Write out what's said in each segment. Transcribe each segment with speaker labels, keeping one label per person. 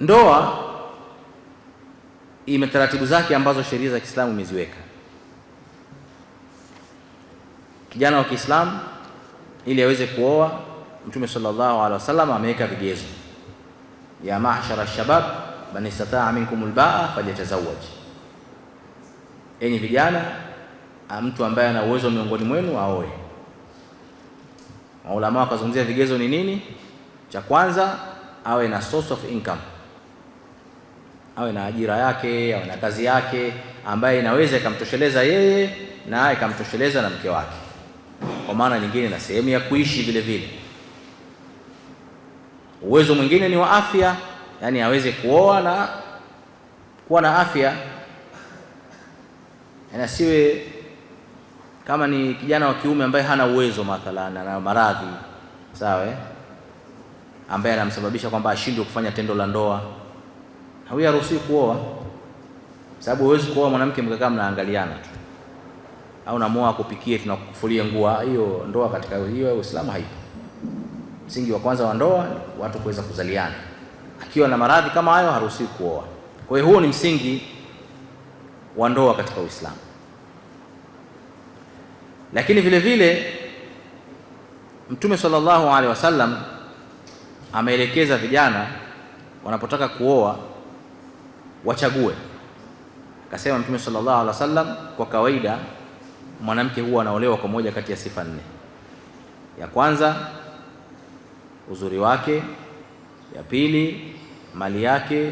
Speaker 1: Ndoa ime taratibu zake ambazo sheria za Kiislamu imeziweka. Kijana wa Kiislamu ili aweze kuoa, Mtume sallallahu alaihi wasallam ameweka vigezo, ya mashara shabab man istataa minkum albaa falyatazawaj, enyi vijana, mtu ambaye ana uwezo miongoni mwenu aoe. Maulama wakazungumzia vigezo ni nini? Cha kwanza awe na source of income awe na ajira yake, awe na kazi yake ambaye inaweza ikamtosheleza yeye na ikamtosheleza na mke wake, kwa maana nyingine na sehemu ya kuishi vile vile. Uwezo mwingine ni wa afya, yani aweze kuoa na kuwa na afya, na yaani siwe kama ni kijana wa kiume ambaye hana uwezo mathalan, ana maradhi sawa, eh? ambaye anamsababisha kwamba ashindwe kufanya tendo la ndoa Huyu haruhusi kuoa, sababu huwezi kuoa mwanamke mkakaa mnaangaliana tu, au namuoa akupikie tunakufulia nguo. Ah, hiyo ndoa katika hiyo Uislamu haipo. Msingi wa kwanza wa ndoa watu kuweza kuzaliana. Akiwa na maradhi kama hayo haruhusi kuoa. Kwa hiyo huo ni msingi wa ndoa katika Uislamu. Lakini vile vile Mtume sallallahu alaihi wasallam ameelekeza vijana wanapotaka kuoa wachague. Akasema Mtume sallallahu alaihi wasallam, kwa kawaida mwanamke huwa anaolewa kwa moja kati ya sifa nne. Ya kwanza uzuri wake, ya pili mali yake,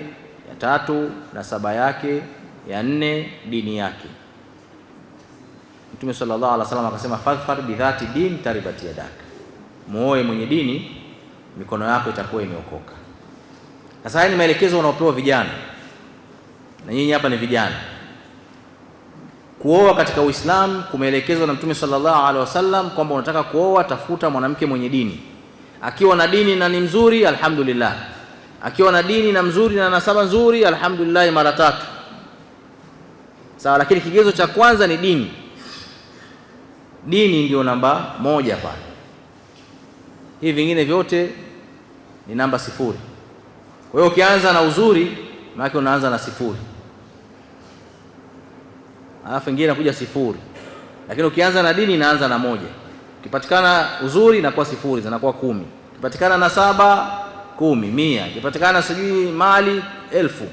Speaker 1: ya tatu nasaba yake, ya nne dini yake. Mtume sallallahu alaihi wasallam akasema, fadhfar bidhati din taribati yadaka, muoe mwenye dini, mikono yako itakuwa imeokoka. Sasa haya ni maelekezo wanaopewa vijana na nyinyi hapa ni vijana. Kuoa katika Uislamu kumeelekezwa na Mtume sallallahu alaihi wasallam kwamba unataka kuoa, tafuta mwanamke mwenye dini. Akiwa na dini na ni mzuri, alhamdulillah. Akiwa na dini na mzuri na nasaba nzuri, alhamdulillah, mara tatu sawa. Lakini kigezo cha kwanza ni dini. Dini ndio namba moja pale, hivi vingine vyote ni namba sifuri. Kwa hiyo ukianza na uzuri, maana unaanza na sifuri alafu ingine inakuja sifuri, lakini ukianza na dini inaanza na moja. Ukipatikana uzuri inakuwa sifuri, zinakuwa kumi. Ukipatikana na saba, kumi, mia. Ukipatikana sijui mali elfu,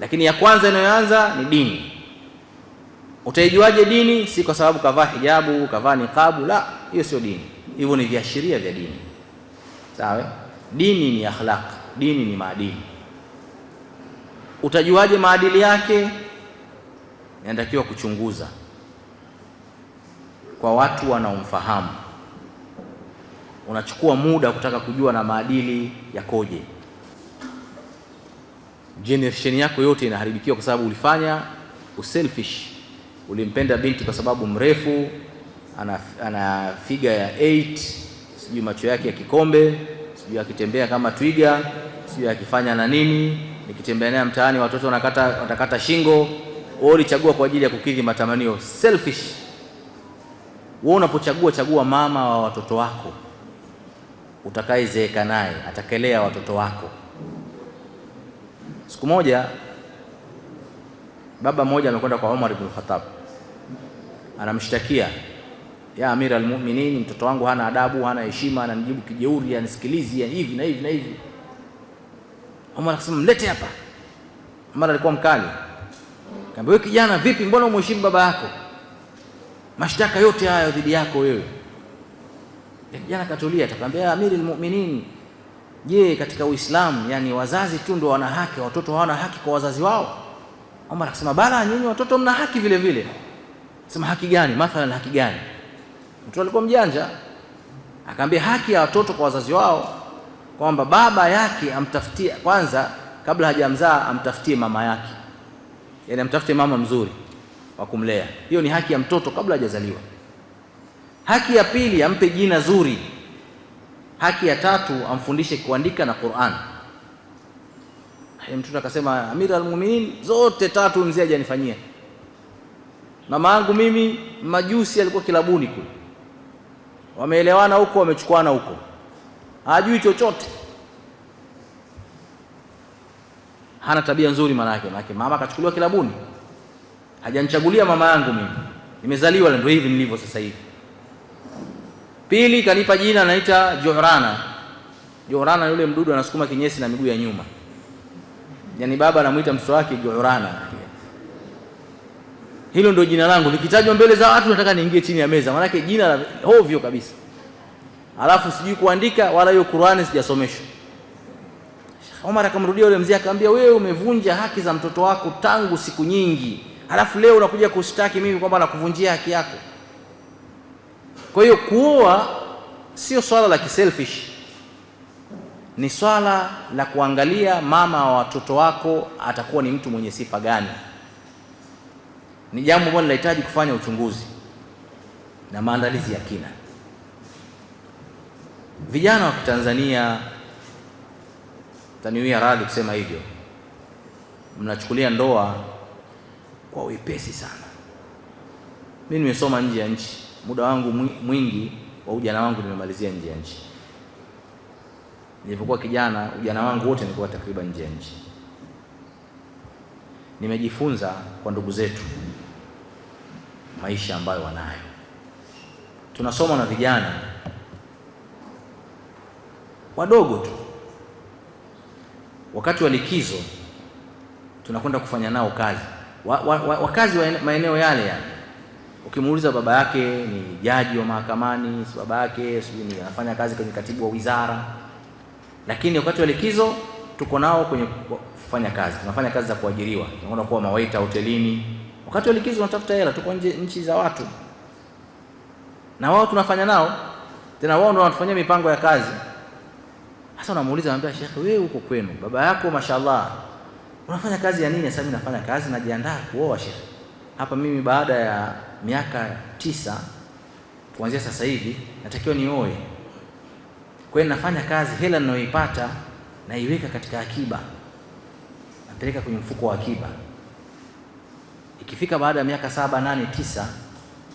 Speaker 1: lakini ya kwanza inayoanza ni dini. Utaijuaje dini? Si kwa sababu kavaa hijabu, kavaa niqabu, la, hiyo sio dini. Hivyo ni viashiria vya dini. Sawa? Dini ni akhlaq, dini ni maadili. Utajuaje maadili yake? inatakiwa kuchunguza kwa watu wanaomfahamu. Unachukua muda kutaka kujua na maadili yakoje. Generation yako yote inaharibikiwa kwa sababu ulifanya uselfish. Ulimpenda binti kwa sababu mrefu, ana, ana figa ya 8 sijui macho yake ya kikombe, sijui akitembea kama twiga, sijui akifanya na nini. Nikitembea naye mtaani watoto watakata shingo wewe ulichagua kwa ajili ya kukidhi matamanio selfish. Wewe unapochagua chagua mama wa watoto wako utakayezeeka naye atakelea watoto wako. Siku moja baba mmoja amekwenda kwa Umar ibn Khattab, anamshtakia ya Amir almuminin, mtoto wangu hana adabu, hana heshima, ananijibu kijeuri, anisikilizi hivi na hivi na hivi. Umar akasema mlete hapa. Umar alikuwa mkali Kaambia wewe kijana, vipi, mbona umheshimu baba yako? mashtaka yote haya dhidi yako wewe. Ya Kijana katulia, atakwambia amiri almu'minin, je, katika Uislamu yani wazazi tu ndio wana haki, watoto hawana haki kwa wazazi wao? Omar akasema bala, nyinyi watoto mna haki vile vile. Sema haki gani? Mathalan, haki gani? Mtu alikuwa mjanja, akaambia haki ya watoto kwa wazazi wao kwamba baba yake amtafutie kwanza, kabla hajamzaa amtafutie mama yake yani amtafute mama mzuri wa kumlea. Hiyo ni haki ya mtoto kabla hajazaliwa. Haki ya pili, ampe jina zuri. Haki ya tatu, amfundishe kuandika na Qur'an. Mtoto akasema amira al-Mu'minin, zote tatu mzee hajanifanyia. Mama yangu mimi majusi, alikuwa kilabuni kule, wameelewana huko, wamechukuana huko, hajui chochote. hana tabia nzuri manake, maana mama akachukuliwa kilabuni. Hajanichagulia mama yangu mimi, nimezaliwa ndio hivi nilivyo sasa hivi. Pili, kanipa jina naita Johrana. Johrana yule mdudu anasukuma kinyesi na miguu ya nyuma, yani baba anamuita mtoto wake Johrana. Hilo ndio jina langu, nikitajwa mbele za watu nataka niingie chini ya meza, manake jina la hovyo kabisa. Alafu sijui kuandika wala hiyo Qur'ani sijasomeshwa Omar akamrudia yule mzee akamwambia, wewe umevunja haki za mtoto wako tangu siku nyingi, halafu leo unakuja kushtaki mimi kwamba nakuvunjia haki yako. Kwa hiyo kuoa sio swala la kiselfish, ni swala la kuangalia mama wa watoto wako atakuwa ni mtu mwenye sifa gani. Ni jambo ambalo linahitaji kufanya uchunguzi na maandalizi ya kina. Vijana wa Kitanzania taniwia radhi kusema hivyo, mnachukulia ndoa kwa wepesi sana. Mimi nimesoma nje ya nchi, muda wangu mwingi wa ujana wangu nimemalizia nje ya nchi. Nilipokuwa kijana, ujana wangu wote nilikuwa takriban nje ya nchi. Nimejifunza kwa ndugu zetu maisha ambayo wanayo. Tunasoma na vijana wadogo tu wakati wa likizo tunakwenda kufanya nao kazi wa, wa, wa, wakazi wa maeneo yale yale. Ukimuuliza baba yake ni jaji wa mahakamani, si baba yake sijui ni anafanya kazi kwenye katibu wa wizara, lakini wakati wa likizo tuko nao kwenye kufanya kazi, tunafanya kazi za kuajiriwa, tunakwenda kuwa mawaita hotelini. Wakati wa likizo unatafuta hela, tuko nje nchi za watu na wao tunafanya nao, tena wao ndio wanatufanyia mipango ya kazi. Sasa unamuuliza anambia, shekhe, wewe huko kwenu baba yako mashallah unafanya kazi ya nini? Sasa mimi nafanya kazi, najiandaa kuoa shekhe. Hapa mimi baada ya miaka tisa kuanzia sasa hivi natakiwa nioe. Kwa hiyo nafanya kazi, hela ninayoipata naiweka katika akiba, napeleka kwenye mfuko wa akiba. Ikifika baada ya miaka saba, nane, tisa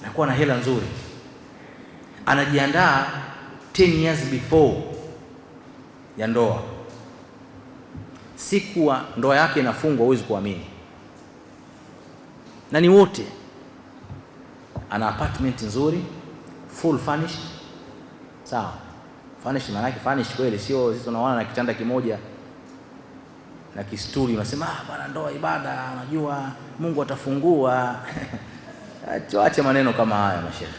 Speaker 1: nakuwa na hela nzuri, anajiandaa 10 years before ya ndoa. Siku wa ndoa yake inafungwa, huwezi kuamini. Na ni wote, ana apartment nzuri full furnished, sawa. Furnished maana yake furnished kweli, sio sisi tunaona na kitanda kimoja na kisturi, unasema ah, bwana, ndoa ibada, unajua Mungu atafungua. Acha maneno kama haya mashehe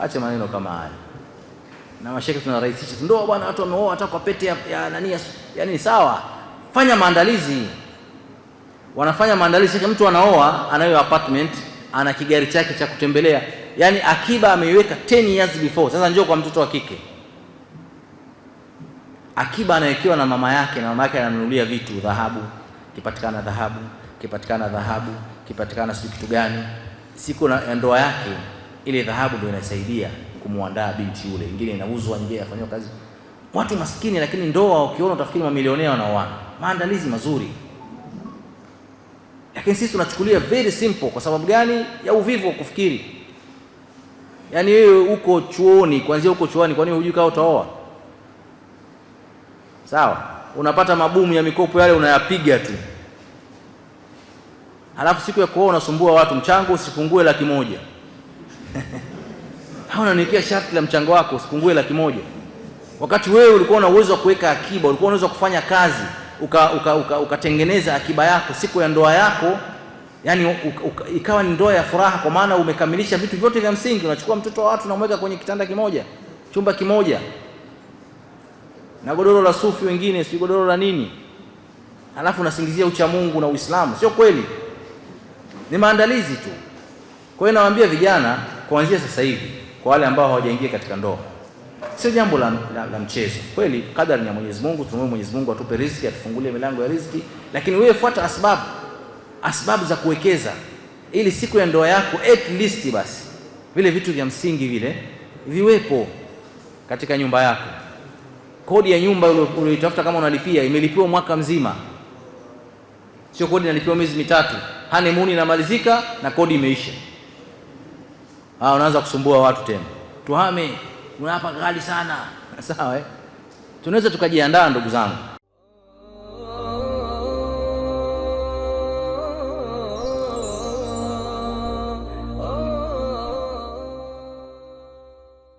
Speaker 1: acha maneno kama haya na mashekhe tunarahisisha ndoa, bwana, watu wameoa hata kwa pete ya, ya nani ya, yani sawa, fanya maandalizi. Wanafanya maandalizi, mtu anaoa, anayo apartment, ana kigari chake cha kutembelea, yani akiba ameiweka 10 years before. Sasa njoo kwa mtoto wa kike, akiba anawekewa na mama yake, na mama yake ananunulia vitu, dhahabu, kipatikana dhahabu, kipatikana dhahabu, kipatikana sio kitu gani, siku na ndoa yake ile dhahabu ndio inasaidia kumuandaa binti yule, ingine inauzwa, ingine inafanywa kazi. Watu maskini, lakini ndoa ukiona utafikiri mamilionea wanaoana, maandalizi mazuri. Lakini sisi tunachukulia very simple. Kwa sababu gani? Ya uvivu wa kufikiri. Yaani wewe uko chuoni, kwanzia uko chuoni, nini hujui kama utaoa? Sawa, unapata mabumu ya mikopo yale unayapiga tu, alafu siku ya kuoa unasumbua watu, mchango usipungue laki moja au wananiwekea sharti la mchango wako usipungue laki moja wakati wewe ulikuwa una uwezo wa kuweka akiba, ulikuwa unaweza kufanya kazi ukatengeneza uka, uka, uka akiba yako siku ya ndoa yako, yani ikawa ni ndoa ya furaha, kwa maana umekamilisha vitu vyote vya msingi. Unachukua mtoto wa watu unamweka kwenye kitanda kimoja, chumba kimoja, na godoro la sufi, wengine si godoro la nini, alafu unasingizia uchamungu na Uislamu. Sio kweli, ni maandalizi tu. Kwa hiyo nawaambia vijana kuanzia sasa hivi kwa wale ambao hawajaingia katika ndoa. Sio jambo la, la, la mchezo kweli. Kadari ya Mwenyezi Mungu, tumwombe Mwenyezi Mungu atupe riziki, atufungulie milango ya riziki, lakini wewe fuata asbabu, asbabu za kuwekeza ili siku ya ndoa yako at least basi vile vitu vya msingi vile viwepo katika nyumba yako. Kodi ya nyumba ulioitafuta kama unalipia imelipiwa mwaka mzima, sio kodi inalipiwa miezi mitatu. Honeymoon inamalizika na kodi imeisha ah, unaanza kusumbua watu tena, tuhame, unahapa ghali sana sawa eh? Tunaweza tukajiandaa ndugu zangu.